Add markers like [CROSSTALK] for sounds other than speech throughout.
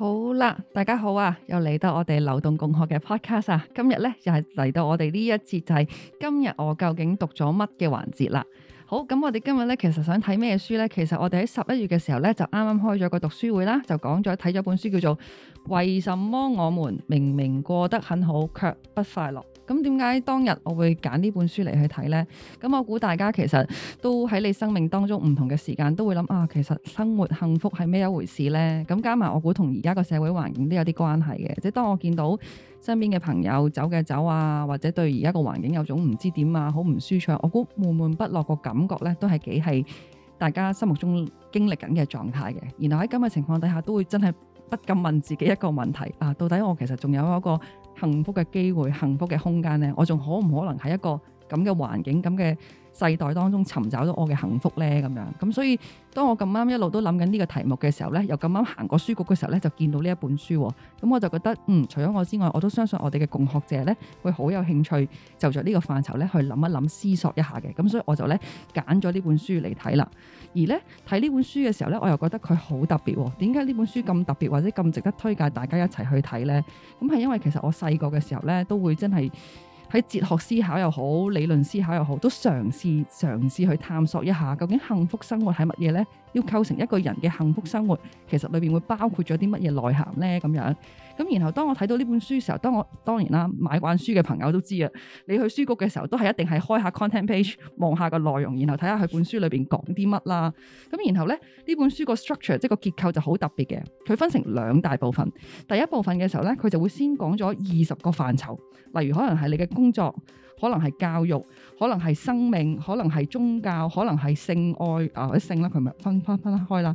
好啦，大家好啊，又嚟到我哋流動共學嘅 podcast 啊，今日咧又係嚟到我哋呢一節，就係今日我究竟讀咗乜嘅環節啦。好，咁我哋今日咧其實想睇咩書咧？其實我哋喺十一月嘅時候咧就啱啱開咗個讀書會啦，就講咗睇咗本書叫做《為什麼我們明明過得很好卻不快樂》。咁點解當日我會揀呢本書嚟去睇呢？咁我估大家其實都喺你生命當中唔同嘅時間都會諗啊，其實生活幸福係咩一回事呢？咁加埋我估同而家個社會環境都有啲關係嘅。即係當我見到身邊嘅朋友走嘅走啊，或者對而家個環境有種唔知點啊好唔舒暢，我估悶悶不樂個感覺呢，都係幾係大家心目中經歷緊嘅狀態嘅。然後喺咁嘅情況底下，都會真係不禁問自己一個問題啊：到底我其實仲有一個？幸福嘅機會、幸福嘅空間呢，我仲可唔可能係一個？咁嘅環境、咁嘅世代當中，尋找到我嘅幸福呢。咁樣咁，所以當我咁啱一路都諗緊呢個題目嘅時候呢，又咁啱行過書局嘅時候呢，就見到呢一本書，咁我就覺得，嗯，除咗我之外，我都相信我哋嘅共學者呢，會好有興趣，就在呢個範疇呢去諗一諗、思索一下嘅。咁所以我就呢揀咗呢本書嚟睇啦。而呢睇呢本書嘅時候呢，我又覺得佢好特別。點解呢本書咁特別，或者咁值得推介大家一齊去睇呢？咁係因為其實我細個嘅時候呢，都會真係。喺哲學思考又好，理論思考又好，都嘗試嘗試去探索一下，究竟幸福生活係乜嘢呢？要構成一個人嘅幸福生活，其實裏面會包括咗啲乜嘢內涵呢？咁樣。咁然後，當我睇到呢本書嘅時候，當我當然啦，買慣書嘅朋友都知啊。你去書局嘅時候，都係一定係開下 content page，望下個內容，然後睇下佢本書裏面講啲乜啦。咁然後呢，呢本書個 structure，即係個結構就好特別嘅。佢分成兩大部分。第一部分嘅時候呢，佢就會先講咗二十個範疇，例如可能係你嘅工作，可能係教育，可能係生命，可能係宗教，可能係性愛啊或者性啦，佢咪分分分開啦。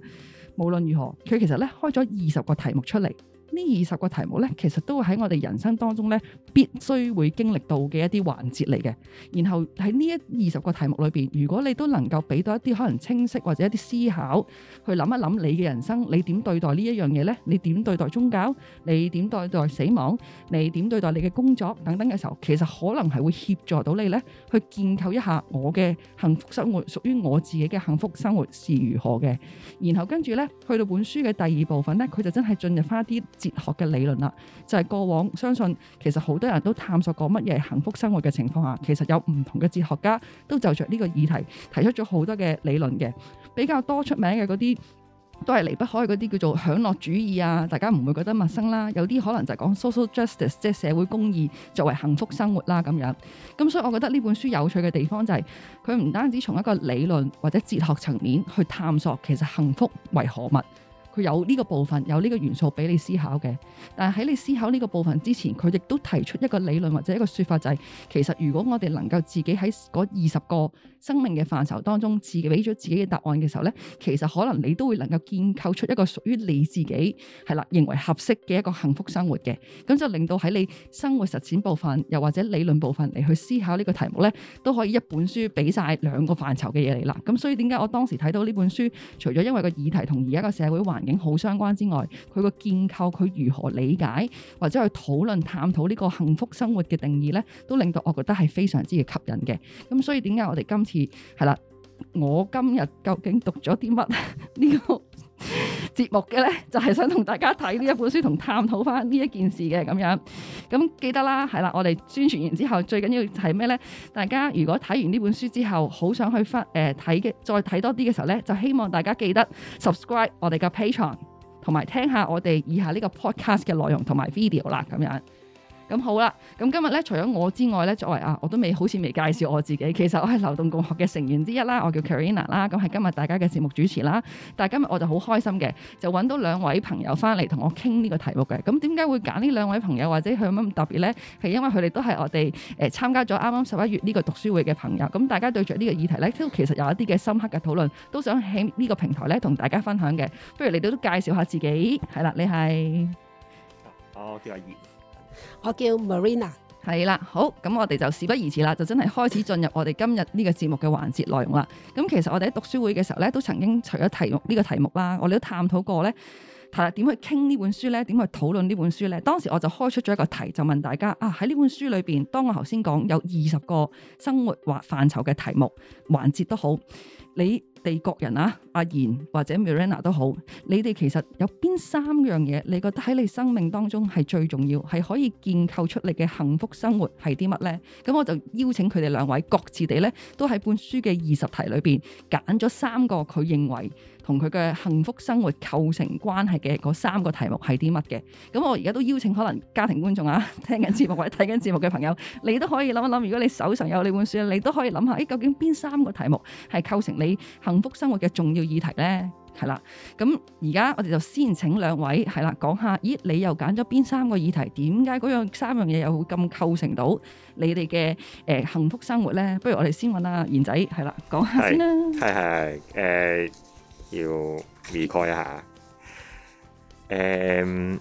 無論如何，佢其實呢開咗二十個題目出嚟。呢二十個題目呢，其實都會喺我哋人生當中呢，必須會經歷到嘅一啲環節嚟嘅。然後喺呢一二十個題目裏邊，如果你都能夠俾到一啲可能清晰或者一啲思考，去諗一諗你嘅人生，你點對待呢一樣嘢呢？你點對待宗教？你點對待死亡？你點對待你嘅工作等等嘅時候，其實可能係會協助到你呢，去建構一下我嘅幸福生活，屬於我自己嘅幸福生活是如何嘅。然後跟住呢，去到本書嘅第二部分呢，佢就真係進入翻啲。哲學嘅理論啦，就係過往相信，其實好多人都探索過乜嘢係幸福生活嘅情況下，其實有唔同嘅哲學家都就着呢個議題提出咗好多嘅理論嘅，比較多出名嘅嗰啲都係離不開嗰啲叫做享樂主義啊，大家唔會覺得陌生啦？有啲可能就係講 social justice，即係社會公義作為幸福生活啦咁樣。咁所以我覺得呢本書有趣嘅地方就係佢唔單止從一個理論或者哲學層面去探索，其實幸福為何物？佢有呢個部分，有呢個元素俾你思考嘅。但係喺你思考呢個部分之前，佢亦都提出一個理論或者一個説法，就係其實如果我哋能夠自己喺嗰二十個生命嘅範疇當中，自己俾咗自己嘅答案嘅時候咧，其實可能你都會能夠建構出一個屬於你自己係啦，認為合適嘅一個幸福生活嘅。咁就令到喺你生活實踐部分，又或者理論部分嚟去思考呢個題目咧，都可以一本書俾晒兩個範疇嘅嘢嚟啦。咁所以點解我當時睇到呢本書除咗因為個議題同而家個社會環境好相關之外，佢個建構佢如何理解或者去討論探討呢個幸福生活嘅定義咧，都令到我覺得係非常之嘅吸引嘅。咁所以點解我哋今次？係啦，我今日究竟讀咗啲乜呢個節目嘅咧？就係想同大家睇呢一本書，同探討翻，呢一件事嘅咁樣。咁記得啦，係啦，我哋宣傳完之後，最緊要係咩咧？大家如果睇完呢本書之後，好想去翻誒睇嘅，再睇多啲嘅時候咧，就希望大家記得 subscribe 我哋嘅 Patreon，同埋聽下我哋以下呢個 podcast 嘅內容同埋 video 啦，咁樣。咁好啦，咁今日咧除咗我之外咧，作為啊我都未好似未介紹我自己，其實我係流動共學嘅成員之一啦，我叫 Karina 啦，咁係今日大家嘅節目主持啦。但係今日我就好開心嘅，就揾到兩位朋友翻嚟同我傾呢個題目嘅。咁點解會揀呢兩位朋友或者佢有乜咁特別咧？係因為佢哋都係我哋誒參加咗啱啱十一月呢個讀書會嘅朋友。咁大家對住呢個議題咧，都其實有一啲嘅深刻嘅討論，都想喺呢個平台咧同大家分享嘅。不如你哋都介紹下自己，係啦，你係，我、哦這個我叫 Marina，係啦，好，咁我哋就事不宜遲啦，就真係開始進入我哋今日呢個節目嘅環節內容啦。咁其實我哋喺讀書會嘅時候咧，都曾經除咗題目呢個題目啦，我哋都探討過咧，係點去傾呢本書咧，點去討論呢本書咧。當時我就開出咗一個題，就問大家啊，喺呢本書裏邊，當我頭先講有二十個生活或範疇嘅題目環節都好。你地國人啊，阿賢或者 Miranda 都好，你哋其實有邊三樣嘢？你覺得喺你生命當中係最重要，係可以建構出你嘅幸福生活係啲乜呢？咁我就邀請佢哋兩位各自地咧，都喺本書嘅二十題裏邊揀咗三個佢認為同佢嘅幸福生活構成關係嘅嗰三個題目係啲乜嘅。咁我而家都邀請可能家庭觀眾啊，聽緊節目或者睇緊節目嘅朋友，你都可以諗一諗，如果你手上有呢本書，你都可以諗下，誒，究竟邊三個題目係構成？你幸福生活嘅重要議題咧，係啦，咁而家我哋就先請兩位係啦，講下，咦，你又揀咗邊三個議題？點解嗰樣三樣嘢又會咁構成到你哋嘅誒幸福生活咧？不如我哋先問阿賢仔，係啦，講下先啦。係，係誒，要 recall 一下誒、呃，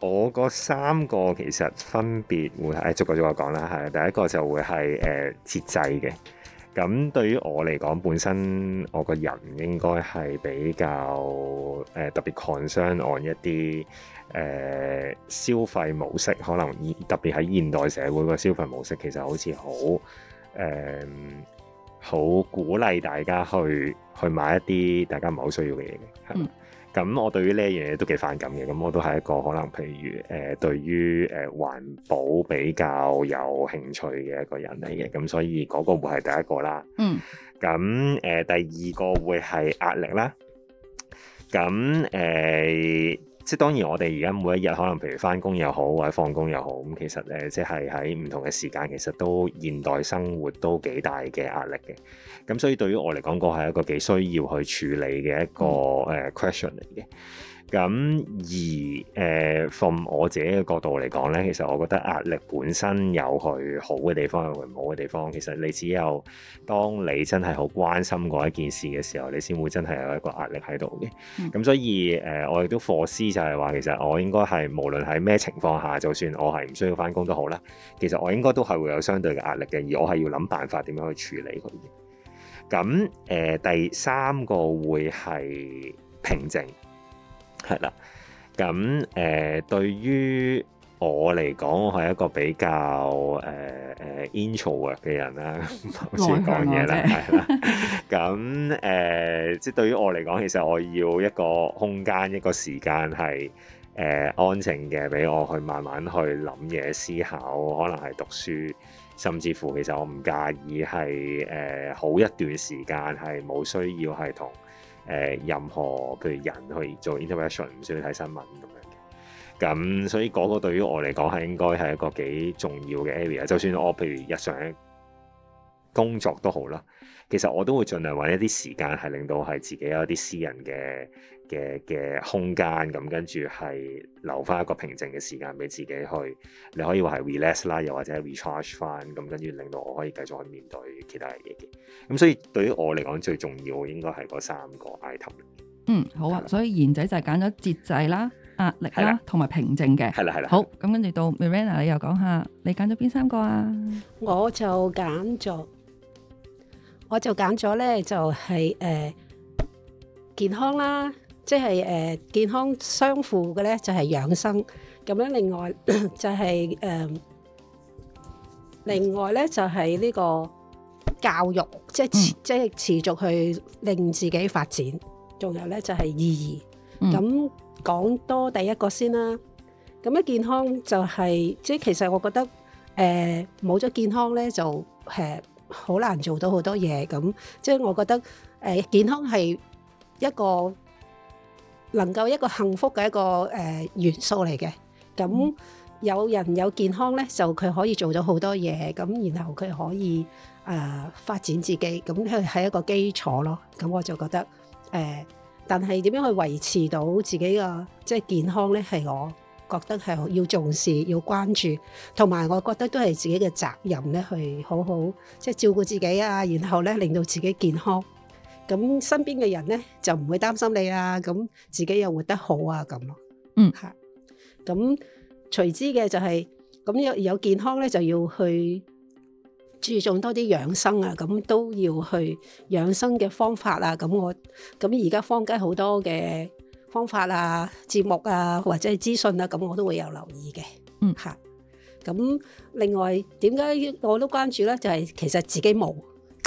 我嗰三個其實分別會誒、欸，逐個逐個講啦。係第一個就會係誒節制嘅。咁對於我嚟講，本身我個人應該係比較誒、呃、特別 concern on 一啲誒、呃、消費模式，可能特別喺現代社會個消費模式其實好似好誒好鼓勵大家去去買一啲大家唔係好需要嘅嘢嘅係。咁我對於呢一樣嘢都幾反感嘅，咁我都係一個可能，譬如誒、呃，對於誒、呃、環保比較有興趣嘅一個人嚟嘅，咁所以嗰個會係第一個啦。嗯，咁誒、呃、第二個會係壓力啦。咁誒、呃即當然，我哋而家每一日可能，譬如返工又好或者放工又好，咁其實呢，即係喺唔同嘅時間，其實都現代生活都幾大嘅壓力嘅。咁所以對於我嚟講，個係一個幾需要去處理嘅一個誒 question 嚟嘅。嗯咁而誒、呃，從我自己嘅角度嚟講咧，其實我覺得壓力本身有佢好嘅地方，有佢唔好嘅地方。其實你只有當你真係好關心嗰一件事嘅時候，你先會真係有一個壓力喺度嘅。咁、嗯、所以誒、呃，我亦都課思就係話，其實我應該係無論喺咩情況下，就算我係唔需要翻工都好啦，其實我應該都係會有相對嘅壓力嘅，而我係要諗辦法點樣去處理佢。咁誒、呃，第三個會係平靜。係啦，咁誒、呃、對於我嚟講，我係一個比較誒誒、呃、introvert 嘅人啦，唔 [LAUGHS] 好意思講嘢啦，係啦， [LAUGHS] 咁誒、呃、即係對於我嚟講，其實我要一個空間、一個時間係誒安靜嘅，俾我去慢慢去諗嘢、思考，可能係讀書，甚至乎其實我唔介意係誒、呃、好一段時間係冇需要係同。誒、呃、任何譬如人去做 interaction，唔需要睇新聞咁樣嘅，咁所以嗰個對於我嚟講係應該係一個幾重要嘅 area。就算我譬如日常工作都好啦，其實我都會盡量搵一啲時間係令到係自己有啲私人嘅。嘅嘅空間咁，跟住係留翻一個平靜嘅時間俾自己去，你可以話係 relax 啦，又或者 recharge 翻咁，跟住令到我可以繼續去面對其他嘢嘅。咁所以對於我嚟講，最重要應該係嗰三個 item。嗯，好啊，吧所以賢仔就係揀咗節制啦、壓力啦同埋、啊、平靜嘅。係啦、啊，係啦、啊。啊、好，咁跟住到 Miranda，你又講下你揀咗邊三個啊？我就揀咗，我就揀咗咧，就係誒健康啦。即係誒健康相輔嘅咧，就係養生。咁樣另外就係誒，另外咧就係呢個教育，即係即係持續去令自己發展。仲有咧就係意義。咁講多第一個先啦。咁咧，健康就係即係其實我覺得誒冇咗健康咧，就誒好難做到好多嘢。咁即係我覺得誒健康係一個。能夠一個幸福嘅一個誒元素嚟嘅，咁有人有健康咧，就佢可以做到好多嘢，咁然後佢可以誒、呃、發展自己，咁佢係一個基礎咯。咁我就覺得誒、呃，但係點樣去維持到自己嘅即係健康咧？係我覺得係要重視、要關注，同埋我覺得都係自己嘅責任咧，去好好即係照顧自己啊，然後咧令到自己健康。咁身邊嘅人咧就唔會擔心你啦，咁自己又活得好啊，咁咯，嗯吓。咁隨之嘅就係、是、咁有有健康咧，就要去注重多啲養生啊，咁都要去養生嘅方法啊，咁我咁而家坊間好多嘅方法啊、節目啊或者係資訊啊，咁我都會有留意嘅，嗯吓。咁另外點解我都關注咧，就係、是、其實自己冇。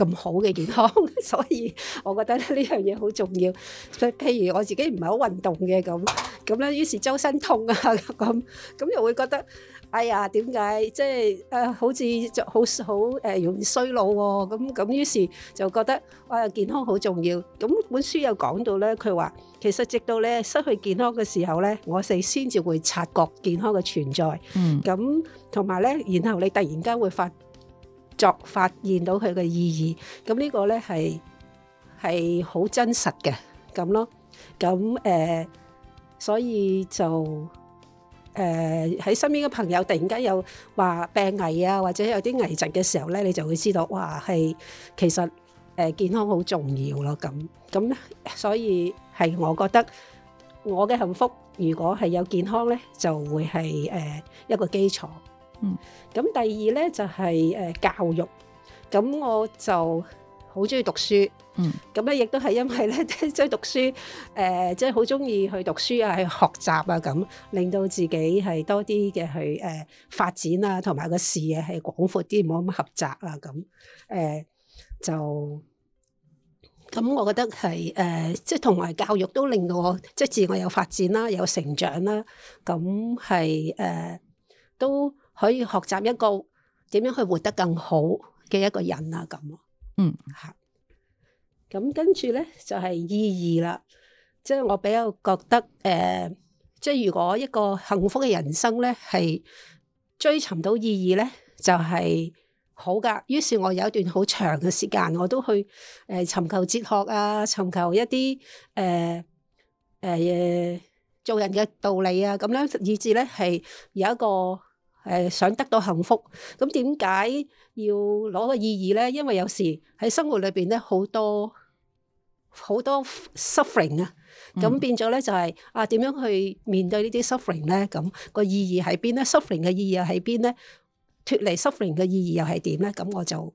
咁好嘅健康， [LAUGHS] 所以我覺得呢樣嘢好重要。譬如我自己唔係好運動嘅咁，咁咧，於是周身痛啊咁，咁又會覺得，哎呀，點解即係誒，好似好好誒，容易、呃、衰老喎、啊？咁咁，於是就覺得哇、哎，健康好重要。咁本書又講到咧，佢話其實直到咧失去健康嘅時候咧，我哋先至會察覺健康嘅存在。嗯，咁同埋咧，然後你突然間會發。作發現到佢嘅意義，咁呢個咧係係好真實嘅咁咯。咁誒，所以就誒喺身邊嘅朋友突然間有話病危啊，或者有啲危疾嘅時候咧，你就會知道哇，係其實誒健康好重要咯。咁咁，所以係我覺得我嘅幸福，如果係有健康咧，就會係誒一個基礎。嗯，咁第二咧就係誒教育，咁我就好中意讀書，嗯，咁咧亦都係因為咧即係讀書誒，即係好中意去讀書啊，去學習啊，咁令到自己係多啲嘅去誒、呃、發展啊，同埋個視野係廣闊啲，唔好咁狹窄啊，咁誒、呃、就，咁我覺得係誒、呃、即係同埋教育都令我即係自我有發展啦，有成長啦，咁係誒都。可以學習一個點樣去活得更好嘅一個人啊，咁，嗯，嚇、嗯。咁跟住咧就係意義啦，即係我比較覺得誒，即係如果一個幸福嘅人生咧係追尋到意義咧，就係好㗎。於是，我有一段好長嘅時間，我都去誒尋求哲學啊，尋求一啲誒誒做人嘅道理啊，咁樣呢以至咧係有一個。誒想得到幸福，咁點解要攞個意義咧？因為有時喺生活裏邊咧好多好多 suffering 啊，咁變咗咧就係啊點樣去面對呢啲 suffering 咧？咁個意義喺邊咧？suffering 嘅意義又喺邊咧？脫離 suffering 嘅意義又係點咧？咁我就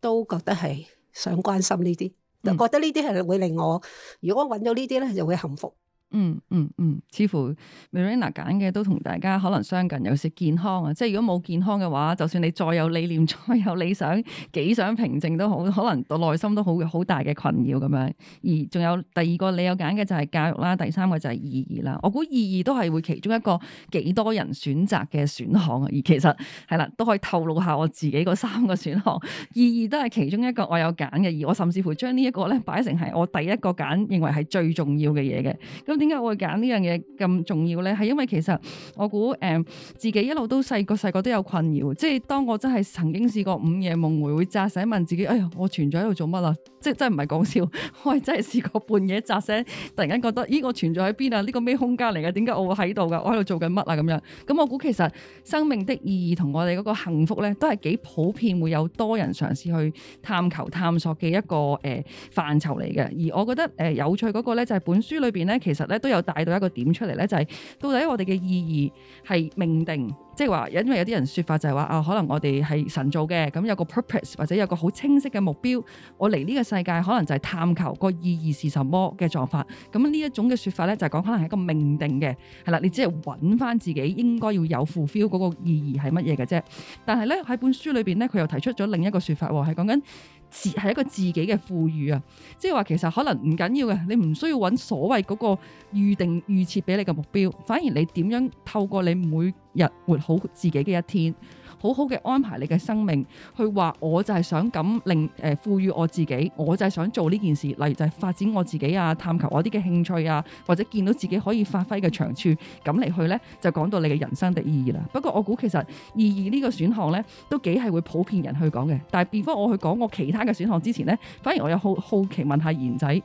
都覺得係想關心呢啲，覺得呢啲係會令我如果我揾到呢啲咧就會幸福。嗯嗯嗯，似乎 Marina 揀嘅都同大家可能相近，有時健康啊，即係如果冇健康嘅話，就算你再有理念，再有理想，幾想平靜都好，可能個內心都好好大嘅困擾咁樣。而仲有第二個你有揀嘅就係教育啦，第三個就係意義啦。我估意義都係會其中一個幾多人選擇嘅選項啊。而其實係啦，都可以透露下我自己嗰三個選項，意義都係其中一個我有揀嘅，而我甚至乎將呢一個咧擺成係我第一個揀，認為係最重要嘅嘢嘅。咁。點解我會揀呢樣嘢，咁重要咧？係因為其實我估誒、嗯，自己一路都細個細個都有困擾，即係當我真係曾經試過午夜夢回會扎醒，問自己，哎呀，我存在喺度做乜啊？即係真係唔係講笑，我係真係試過半夜扎醒，突然間覺得，咦，我存在喺邊啊？呢、這個咩空間嚟嘅？點解我會喺度噶？我喺度做緊乜啊？咁樣咁、嗯、我估其實生命的意義同我哋嗰個幸福咧，都係幾普遍，會有多人嘗試去探求探索嘅一個誒、呃、範疇嚟嘅。而我覺得誒、呃、有趣嗰個咧，就係本書裏邊咧，其實。咧都有帶到一個點出嚟咧，就係到底我哋嘅意義係命定，即係話，因為有啲人説法就係話啊，可能我哋係神造嘅，咁有個 purpose 或者有個好清晰嘅目標，我嚟呢個世界可能就係探求個意義是什麼嘅做法。咁呢一種嘅説法咧，就係講可能係一個命定嘅，係啦，你只係揾翻自己應該要有 fulfill 嗰個意義係乜嘢嘅啫。但係咧喺本書裏邊咧，佢又提出咗另一個説法喎，係講緊，係一個自己嘅富裕啊，即係話其實可能唔緊要嘅，你唔需要揾所謂嗰個預定預設俾你嘅目標，反而你點樣透過你每日活好自己嘅一天。好好嘅安排你嘅生命，去話我就係想咁令、呃、賦予我自己，我就係想做呢件事，例如就係發展我自己啊，探求我啲嘅興趣啊，或者見到自己可以發揮嘅長處，咁嚟去咧就講到你嘅人生的意義啦。不過我估其實意義呢個選項咧都幾係會普遍人去講嘅。但係 before 我去講我其他嘅選項之前咧，反而我又好好奇問下賢仔。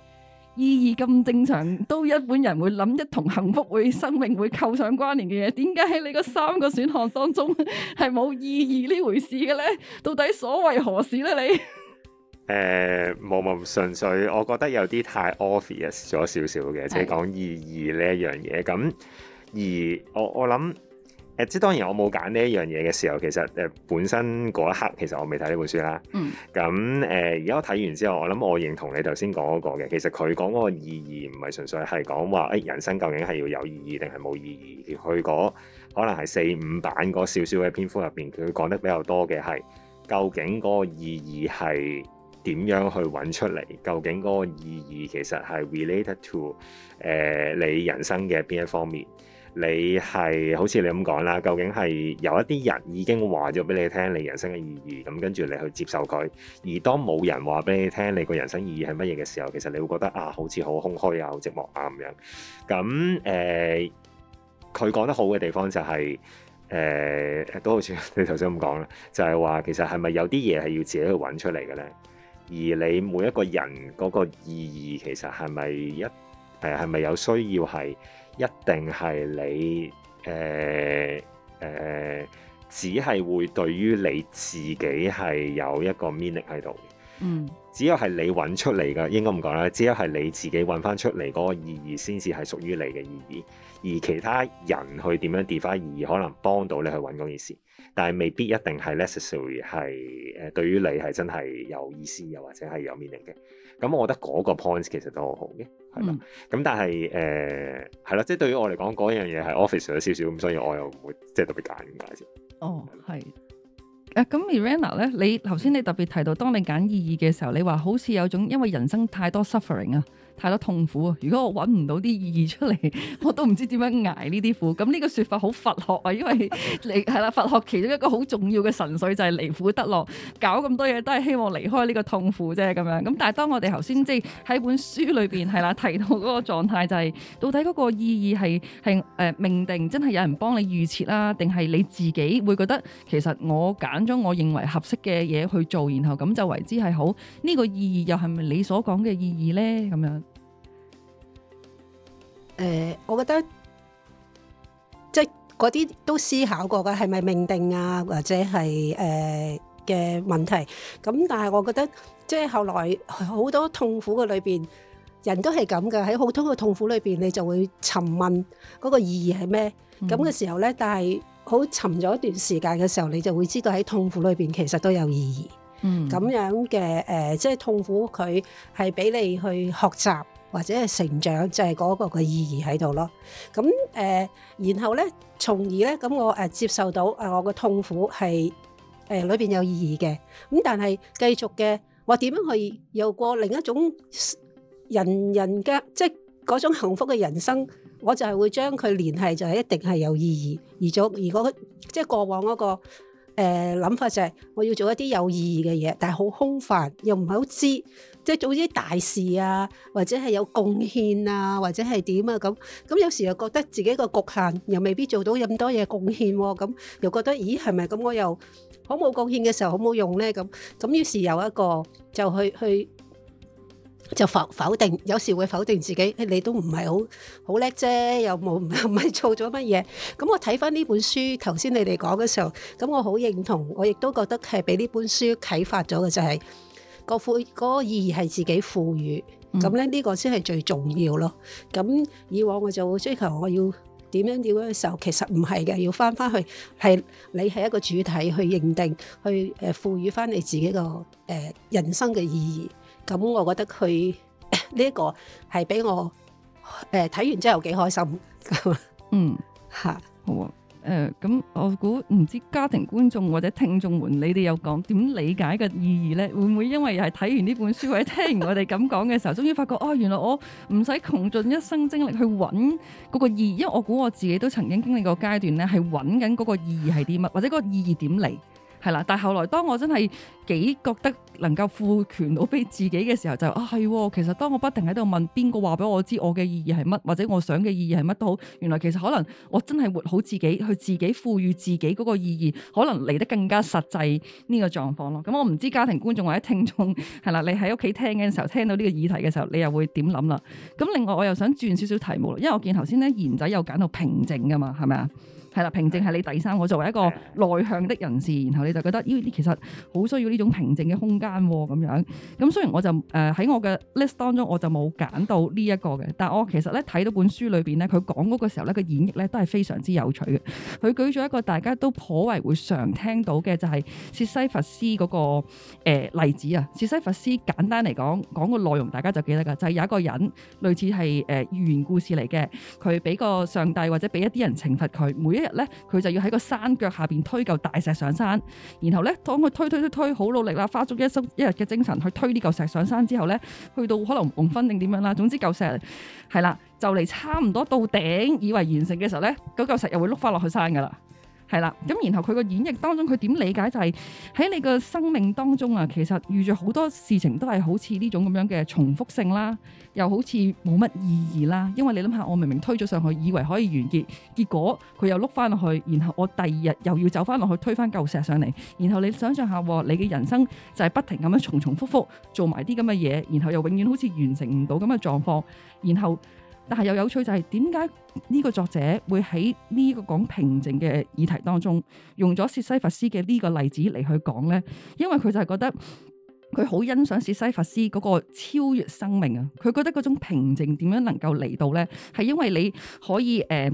意義咁正常，都一般人會諗一同幸福、會生命、會扣上關聯嘅嘢，點解喺你個三個選項當中係 [LAUGHS] 冇意義呢回事嘅咧？到底所謂何事咧？你誒冇冇純粹，我覺得有啲太 obvious 咗少少嘅，即係講意義呢一樣嘢。咁而我我諗。誒，即係當然我冇揀呢一樣嘢嘅時候，其實誒本身嗰一刻其實我未睇呢本書啦。嗯。咁誒，呃、而家我睇完之後，我諗我認同你頭先講嗰個嘅。其實佢講嗰個意義唔係純粹係講話誒人生究竟係要有意義定係冇意義。佢嗰可能係四五版嗰少少嘅篇幅入邊，佢講得比較多嘅係究竟嗰個意義係點樣去揾出嚟？究竟嗰個意義其實係 related to 誒、呃、你人生嘅邊一方面？你係好似你咁講啦，究竟係有一啲人已經話咗俾你聽你人生嘅意義，咁跟住你去接受佢；而當冇人話俾你聽你個人生意義係乜嘢嘅時候，其實你會覺得啊，好似好空虛啊，好寂寞啊咁樣。咁誒，佢、呃、講得好嘅地方就係、係、誒、呃，都好似你頭先咁講啦，就係、係、話其實係咪有啲嘢係要自己去揾出嚟嘅咧？而你每一個人嗰個意義其實係咪一誒係咪有需要係？一定係你誒誒、呃呃，只係會對於你自己係有一個 meaning 喺度。嗯，只有係你揾出嚟嘅，應該唔講啦。只有係你自己揾翻出嚟嗰個意義，先至係屬於你嘅意義。而其他人去點樣 define 意義，可能幫到你去揾嗰件事，但係未必一定係 necessary 係誒，對於你係真係有意思又或者係有 meaning 嘅。咁我覺得嗰個 point 其實都好嘅。係啦，咁、嗯嗯、但係誒，係、呃、咯，即係對於我嚟講，嗰樣嘢係 office 咗少少，咁所以我又唔會即係特別揀嘅，其實。哦，係。誒、啊，咁 Mirana 咧，你頭先你特別提到，當你揀意義嘅時候，你話好似有種因為人生太多 suffering 啊。太多痛苦啊！如果我揾唔到啲意義出嚟，我都唔知點樣挨呢啲苦。咁呢個説法好佛學啊，因為你係啦， [LAUGHS] [LAUGHS] 佛學其中一個好重要嘅神髓就係離苦得樂。搞咁多嘢都係希望離開呢個痛苦啫，咁樣。咁但係當我哋頭先即係喺本書裏邊係啦提到嗰個狀態，就是，就係到底嗰個意義係係誒命定，真係有人幫你預設啦，定係你自己會覺得其實我揀咗我認為合適嘅嘢去做，然後咁就為之係好呢、呢個意義又係咪你所講嘅意義咧？咁樣。誒、呃，我覺得即係嗰啲都思考過嘅，係咪命定啊，或者係誒嘅問題。咁但係我覺得，即係後來好多痛苦嘅裏邊，人都係咁㗎。喺好多嘅痛苦裏邊，你就會尋問嗰個意義係咩？咁嘅、嗯、時候咧，但係好沉咗一段時間嘅時候，你就會知道喺痛苦裏邊其實都有意義。咁、嗯、樣嘅誒、呃，即係痛苦佢係俾你去學習。或者係成長，就係、是、嗰個嘅意義喺度咯。咁誒，然後咧，從而咧，咁我誒接受到誒我嘅痛苦係誒裏邊有意義嘅。咁但係繼續嘅話，點樣去又過另一種人人嘅即係嗰種幸福嘅人生？我就係會將佢聯繫就係一定係有意義。而做如果即係過往嗰個誒諗法就係我要做一啲有意義嘅嘢，但係好空泛，又唔係好知。即係做啲大事啊，或者係有貢獻啊，或者係點啊咁。咁有時又覺得自己個局限，又未必做到咁多嘢貢獻。咁又覺得，咦，係咪咁我又好冇貢獻嘅時候，好冇用咧？咁咁於是有一個就去去就否否定，有時會否定自己。誒你都唔係好好叻啫，又冇唔係做咗乜嘢。咁我睇翻呢本書，頭先你哋講嘅時候，咁我好認同，我亦都覺得係俾呢本書啟發咗嘅就係、是。個富個意義係自己賦予，咁咧呢個先係最重要咯。咁以往我就會追求我要點樣點樣嘅時候，其實唔係嘅，要翻翻去係你係一個主體去認定，去誒賦予翻你自己個誒、呃、人生嘅意義。咁我覺得佢呢一個係俾我誒睇、呃、完之後有幾開心。 [LAUGHS] 嗯，吓好啊。誒、呃、我估唔知道家庭觀眾或者聽眾們，你們，你哋有講點理解嘅意義呢？會唔會因為係睇完呢本書或者 [LAUGHS] 聽完我哋咁講嘅時候，終於發覺啊、哦，原來我唔使窮盡一生精力去揾嗰個意義，因為我估我自己都曾經經歷過階段咧，係揾緊嗰個意義係啲乜，或者嗰個意義點嚟？係啦，但係後來當我真係幾覺得能夠賦權到俾自己嘅時候，就是、啊係喎，其實當我不停喺度問邊個話俾我知我嘅意義係乜，或者我想嘅意義係乜都好，原來其實可能我真係活好自己，去自己賦予自己嗰個意義，可能嚟得更加實際呢個狀況咯。咁、嗯、我唔知家庭觀眾或者聽眾係啦，你喺屋企聽嘅時候聽到呢個議題嘅時候，你又會點諗啦？咁、嗯、另外我又想轉少少題目，因為我見頭先咧賢仔又揀到平靜㗎嘛，係咪啊？係啦，平靜係你第三。我作為一個內向的人士，然後你就覺得，咦啲其實好需要呢種平靜嘅空間咁、哦、樣。咁、嗯、雖然我就誒喺、呃、我嘅 list 當中，我就冇揀到呢一個嘅。但我其實咧睇到本書裏邊咧，佢講嗰個時候咧，個演繹咧都係非常之有趣嘅。佢舉咗一個大家都頗為會常聽到嘅，就係、是、薛西弗斯嗰、那個、呃、例子啊。薛西弗斯簡單嚟講，講個內容大家就記得㗎，就係、是、有一個人，類似係誒寓言故事嚟嘅。佢俾個上帝或者俾一啲人懲罰佢，每一一日咧，佢就要喺個山腳下邊推嚿大石上山，然後咧當佢推推推推好努力啦，花足一生一日嘅精神去推呢嚿石上山之後咧，去到可能黃昏定點樣啦。總之嚿石係啦，就嚟差唔多到頂，以為完成嘅時候咧，嗰嚿石又會碌翻落去山噶啦。係啦，咁然後佢個演繹當中，佢點理解就係喺你個生命當中啊，其實遇著好多事情都係好似呢種咁樣嘅重複性啦，又好似冇乜意義啦。因為你諗下，我明明推咗上去，以為可以完結，結果佢又碌翻落去，然後我第二日又要走翻落去推翻嚿石上嚟。然後你想象下喎，你嘅人生就係不停咁樣重重複複做埋啲咁嘅嘢，然後又永遠好似完成唔到咁嘅狀況，然後。但係又有趣就係點解呢個作者會喺呢個講平靜嘅議題當中，用咗薛西弗斯嘅呢個例子嚟去講呢？因為佢就係覺得佢好欣賞薛西弗斯嗰個超越生命啊！佢覺得嗰種平靜點樣能夠嚟到呢？係因為你可以誒、呃，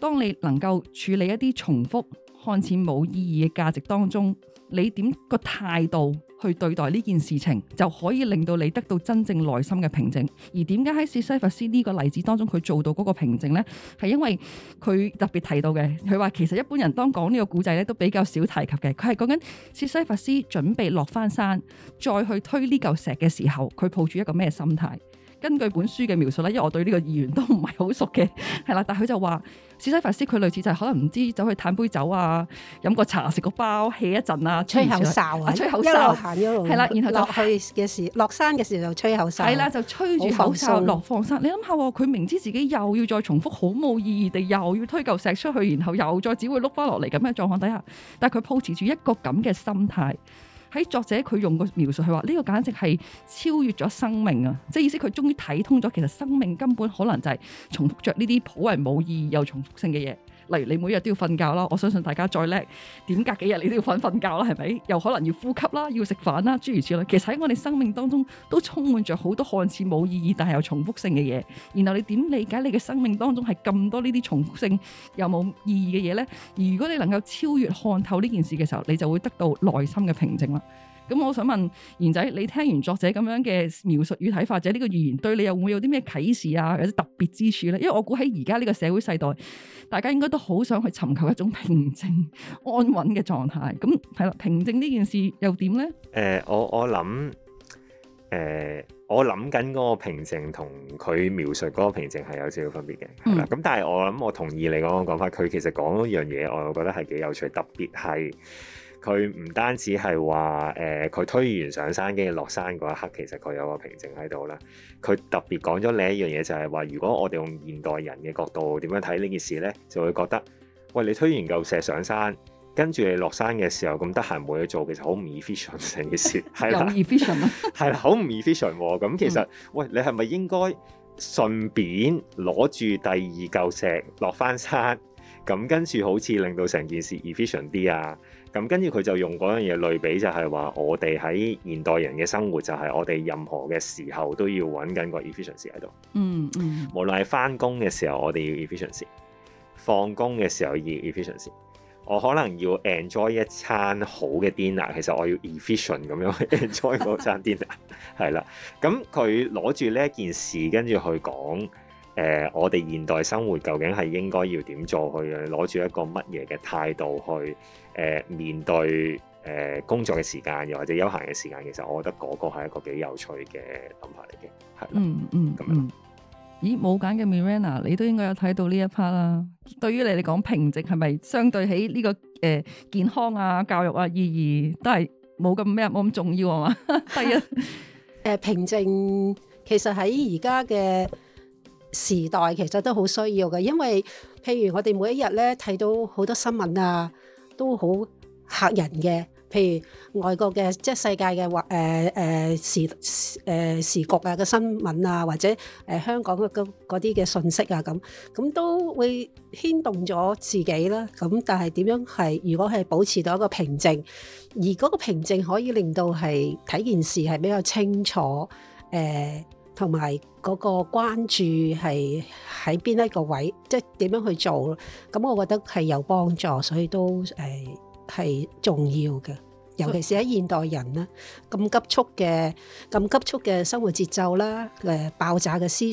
當你能夠處理一啲重複看似冇意義嘅價值當中，你點個態度？去對待呢件事情，就可以令到你得到真正內心嘅平靜。而點解喺薛西弗斯呢個例子當中，佢做到嗰個平靜呢？係因為佢特別提到嘅，佢話其實一般人當講呢個古仔咧，都比較少提及嘅。佢係講緊薛西弗斯準備落翻山，再去推呢嚿石嘅時候，佢抱住一個咩心態？根據本書嘅描述啦，因為我對呢個議員都唔係好熟嘅，係啦，但係佢就話史西弗斯佢類似就係可能唔知走去嘆杯酒啊，飲個茶食個包，歇一陣啊，吹口哨啊，吹口哨，行一路係啦，然後落去嘅時落山嘅時候,時候就吹口哨，係啦，就吹住口哨落放,放山。你諗下喎，佢明知自己又要再重複，好冇意義地又要推嚿石出去，然後又再只會碌翻落嚟咁嘅狀況底下，但係佢抱持住一個咁嘅心態。喺作者佢用個描述，佢話呢個簡直係超越咗生命啊！即係意思，佢終於睇通咗，其實生命根本可能就係重複着呢啲頗為冇意義又重複性嘅嘢。例如你每日都要瞓覺啦，我相信大家再叻，點隔幾日你都要瞓瞓覺啦，係咪？又可能要呼吸啦，要食飯啦，諸如此類。其實喺我哋生命當中，都充滿着好多看似冇意義但係又重複性嘅嘢。然後你點理解你嘅生命當中係咁多呢啲重複性又冇意義嘅嘢呢？而如果你能夠超越看透呢件事嘅時候，你就會得到內心嘅平靜啦。咁我想問賢仔，你聽完作者咁樣嘅描述與睇法者，者呢個語言對你又會有冇有啲咩啟示啊？有啲特別之處咧？因為我估喺而家呢個社會世代，大家應該都好想去尋求一種平靜安穩嘅狀態。咁係啦，平靜呢件事又點咧？誒、呃，我我諗，誒，我諗緊嗰個平靜同佢描述嗰個平靜係有少少分別嘅。嗯。咁但係我諗我同意你講嘅講法，佢其實講一樣嘢，我又覺得係幾有趣，特別係。佢唔單止係話誒，佢、呃、推完上山跟住落山嗰一刻，其實佢有個平靜喺度啦。佢特別講咗另一樣嘢，就係話，如果我哋用現代人嘅角度點樣睇呢件事咧，就會覺得喂，你推完嚿石上山，跟住你落山嘅時候咁得閒冇嘢做，其實好唔 efficient 成件事係啦，efficient 咯，係啦 [LAUGHS] 的，好唔 efficient 咁。實哦、 [LAUGHS] 其實喂，你係咪應該順便攞住第二嚿石落翻山，咁跟住好似令到成件事 efficient 啲啊？咁跟住佢就用嗰樣嘢類比，就係話我哋喺現代人嘅生活，就係我哋任何嘅時候都要揾緊個 efficiency 喺度、嗯。嗯嗯，無論係翻工嘅時候，我哋要 efficiency；放工嘅時候要 efficiency。我可能要 enjoy 一餐好嘅 dinner，其實我要 efficient 咁樣去 enjoy 嗰餐 dinner 係啦。咁佢攞住呢一件事跟住去講。誒、呃，我哋現代生活究竟係應該要點做去攞住一個乜嘢嘅態度去誒、呃、面對誒、呃、工作嘅時間，又或者休閒嘅時間，其實我覺得嗰個係一個幾有趣嘅諗法嚟嘅，係嗯嗯咁、嗯、樣。咦，冇揀嘅 Mirana，你都應該有睇到呢一 part 啦。對於你嚟講，平靜係咪相對起呢、這個誒、呃、健康啊、教育啊，意義都係冇咁咩冇咁重要啊嘛？係 [LAUGHS] 啊，誒、呃、平靜其實喺而家嘅。時代其實都好需要嘅，因為譬如我哋每一日咧睇到好多新聞啊，都好嚇人嘅。譬如外國嘅即係世界嘅或誒誒時誒、呃、時局啊嘅新聞啊，或者誒、呃、香港嘅嗰啲嘅信息啊咁，咁都會牽動咗自己啦。咁但係點樣係？如果係保持到一個平靜，而嗰個平靜可以令到係睇件事係比較清楚誒。呃同埋嗰個關注係喺邊一個位，即係點樣去做？咁我覺得係有幫助，所以都誒係重要嘅。尤其是喺現代人咧，咁急促嘅、咁急促嘅生活節奏啦，誒爆炸嘅思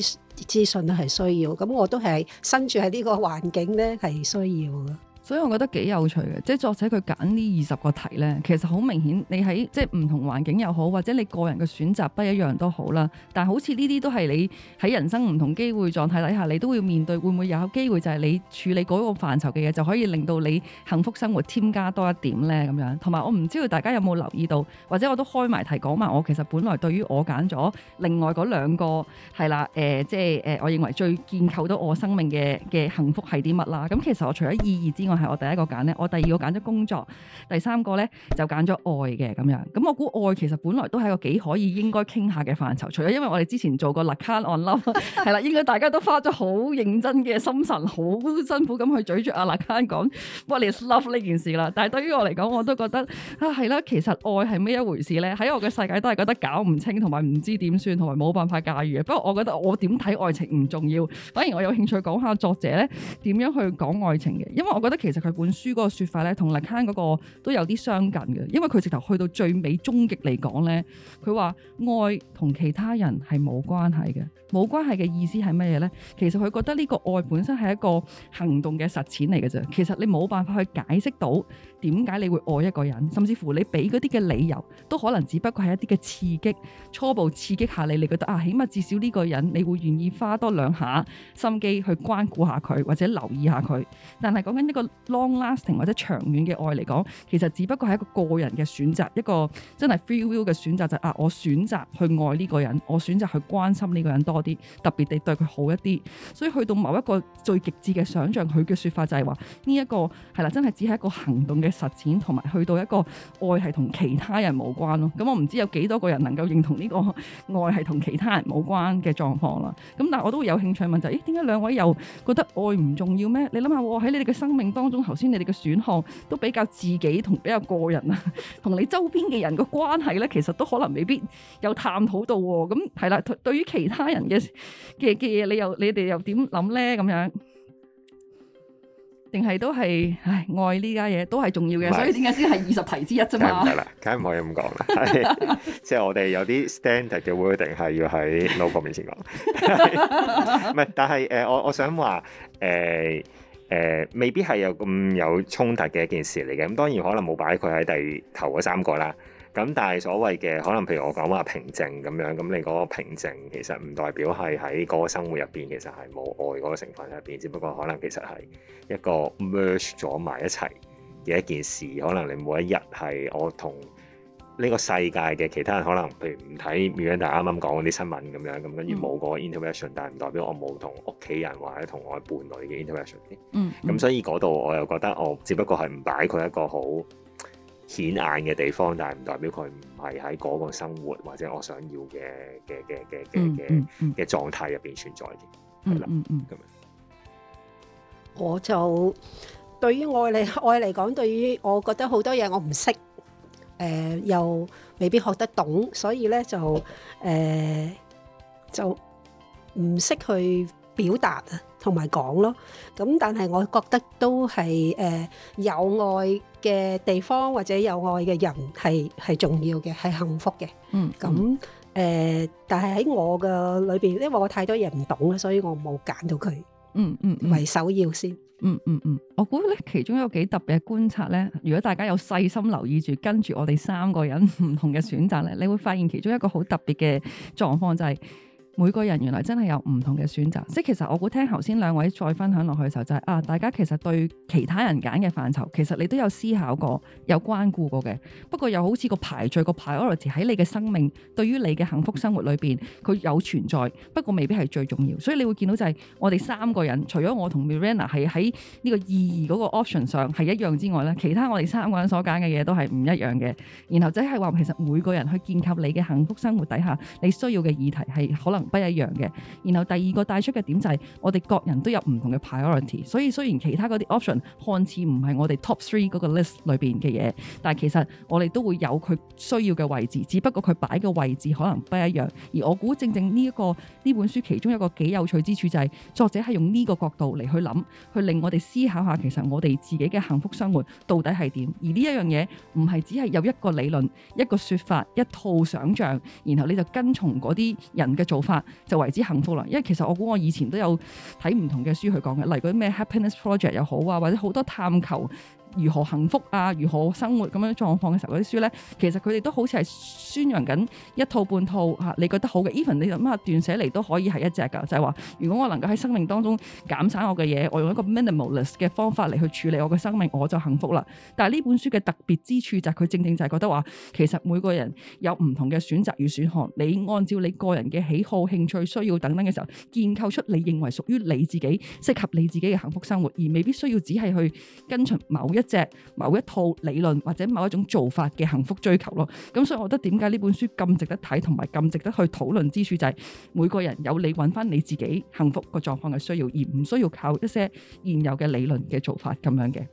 資訊都係需要。咁我都係身處喺呢個環境咧，係需要嘅。所以我覺得幾有趣嘅，即係作者佢揀呢二十個題咧，其實好明顯你喺即係唔同環境又好，或者你個人嘅選擇不一樣都好啦。但係好似呢啲都係你喺人生唔同機會狀態底下，你都會面對，會唔會有機會就係你處理嗰個範疇嘅嘢，就可以令到你幸福生活添加多一點咧，咁樣。同埋我唔知道大家有冇留意到，或者我都開埋題講埋，我其實本來對於我揀咗另外嗰兩個係啦，誒、呃、即係誒、呃、我認為最建構到我生命嘅嘅幸福係啲乜啦？咁其實我除咗意義之外，係我第一個揀咧，我第二個揀咗工作，第三個咧就揀咗愛嘅咁樣。咁我估愛其實本來都係一個幾可以應該傾下嘅範疇。除咗因為我哋之前做過 Lacan on Love 係啦，應該大家都花咗好認真嘅心神，好辛苦咁去咀嚼阿 Lacan 講 what is love 呢件事啦。但係對於我嚟講，我都覺得啊係啦，其實愛係咩一回事咧？喺我嘅世界都係覺得搞唔清，同埋唔知點算，同埋冇辦法駕馭嘅。不過我覺得我點睇愛情唔重要，反而我有興趣講下作者咧點樣去講愛情嘅，因為我覺得。其實佢本書嗰個說法咧，同拉康嗰個都有啲相近嘅。因為佢直頭去到最尾終極嚟講咧，佢話愛同其他人係冇關係嘅，冇關係嘅意思係乜嘢咧？其實佢覺得呢個愛本身係一個行動嘅實踐嚟嘅啫，其實你冇辦法去解釋到。點解你會愛一個人？甚至乎你俾嗰啲嘅理由，都可能只不過係一啲嘅刺激，初步刺激下你，你覺得啊，起碼至少呢個人你會願意花多兩下心機去關顧下佢，或者留意下佢。但係講緊呢個 long-lasting 或者長遠嘅愛嚟講，其實只不過係一個個人嘅選擇，一個真係 free will 嘅選擇，就係啊，我選擇去愛呢個人，我選擇去關心呢個人多啲，特別地對佢好一啲。所以去到某一個最極致嘅想象，佢嘅說法就係話呢一個係啦、啊，真係只係一個行動嘅。實踐同埋去到一個愛係同其他人冇關咯，咁我唔知有幾多個人能夠認同呢個愛係同其他人冇關嘅狀況啦。咁、嗯、但係我都會有興趣問就係，誒、欸，點解兩位又覺得愛唔重要咩？你諗下，喎喺你哋嘅生命當中，頭先你哋嘅選項都比較自己同比較個人啊，同 [LAUGHS] 你周邊嘅人個關係咧，其實都可能未必有探討到喎、哦。咁係啦，對於其他人嘅嘅嘅嘢，你又你哋又點諗咧？咁樣？定係都係，唉，愛呢家嘢都係重要嘅，是所以點解先係二十題之一啫嘛？唔得啦，梗係唔可以咁講啦。即係 [LAUGHS] [LAUGHS] 我哋有啲 standard 嘅 wording 係要喺老婆面前講。唔係，但係誒， [LAUGHS] [LAUGHS] 我我想話誒誒，未必係有咁有衝突嘅一件事嚟嘅。咁當然可能冇擺佢喺第頭嗰三個啦。咁但係所謂嘅可能，譬如我講話平靜咁樣，咁你嗰個平靜其實唔代表係喺嗰個生活入邊，其實係冇愛嗰個成分入邊，只不過可能其實係一個 merge 咗埋一齊嘅一件事。可能你每一日係我同呢個世界嘅其他人，可能譬如唔睇 Miranda 啱啱講嗰啲新聞咁樣，咁跟住冇個 interaction，但係唔代表我冇同屋企人或者同我伴侶嘅 interaction。嗯、mm，咁、hmm. 所以嗰度我又覺得我只不過係唔擺佢一個好顯眼嘅地方，但係唔代表佢唔係喺嗰個生活或者我想要嘅嘅嘅嘅嘅嘅嘅狀態入邊存在嘅。嗯嗯嗯，咁啊，我就對於愛嚟愛嚟講，對於我覺得好多嘢，我唔識，誒，又未必學得懂，所以咧就誒就唔識去表達啊，同埋講咯。咁但係我覺得都係誒有愛嘅地方或者有愛嘅人係係重要嘅，係幸福嘅。嗯，咁誒、呃，但係喺我嘅裏邊，因為我太多嘢唔懂啦，所以我冇揀到佢。嗯嗯，為首要先。嗯嗯嗯，嗯，嗯，我估咧其中有幾特別嘅觀察咧，如果大家有細心留意住跟住我哋三個人唔同嘅選擇咧，嗯、你會發現其中一個好特別嘅狀況就係、是。每個人原來真係有唔同嘅選擇，即係其實我估聽頭先兩位再分享落去嘅時候、就是，就係啊，大家其實對其他人揀嘅範疇，其實你都有思考過，有關顧過嘅。不過又好似個排序，個 priority，喺你嘅生命，對於你嘅幸福生活裏邊，佢有存在，不過未必係最重要。所以你會見到就係我哋三個人，除咗我同 Miranda 係喺呢個意義嗰個 option 上係一樣之外咧，其他我哋三個人所揀嘅嘢都係唔一樣嘅。然後即係話其實每個人去建構你嘅幸福生活底下你需要嘅議題係可能。不一樣嘅。然後第二個帶出嘅點就係，我哋各人都有唔同嘅 priority。所以雖然其他嗰啲 option 看似唔係我哋 top three 嗰個 list 裏邊嘅嘢，但係其實我哋都會有佢需要嘅位置，只不過佢擺嘅位置可能不一樣。而我估正正呢、這、一個呢本書其中一個幾有趣之處就係、是，作者係用呢個角度嚟去諗，去令我哋思考下其實我哋自己嘅幸福生活到底係點。而呢一樣嘢唔係只係有一個理論、一個說法、一套想像，然後你就跟從嗰啲人嘅做法。啊，就為之幸福啦，因為其實我估我以前都有睇唔同嘅書去講嘅，例如嗰啲咩 Happiness Project 又好啊，或者好多探求。如何幸福啊？如何生活咁樣狀況嘅時候，啲書咧，其實佢哋都好似係宣揚緊一套半套吓，啊，你覺得好嘅，even 你諗下段寫嚟都可以係一隻㗎，就係話如果我能夠喺生命當中減省我嘅嘢，我用一個 minimalist 嘅方法嚟去處理我嘅生命，我就幸福啦。但係呢本書嘅特別之處就係佢正正就係覺得話，其實每個人有唔同嘅選擇與選項，你按照你個人嘅喜好、興趣、需要等等嘅時候，建構出你認為屬於你自己適合你自己嘅幸福生活，而未必需要只係去跟從某一。只某一套理論或者某一種做法嘅幸福追求咯，咁所以我覺得點解呢本書咁值得睇同埋咁值得去討論之處就係每個人有你揾翻你自己幸福個狀況嘅需要，而唔需要靠一些現有嘅理論嘅做法咁樣嘅。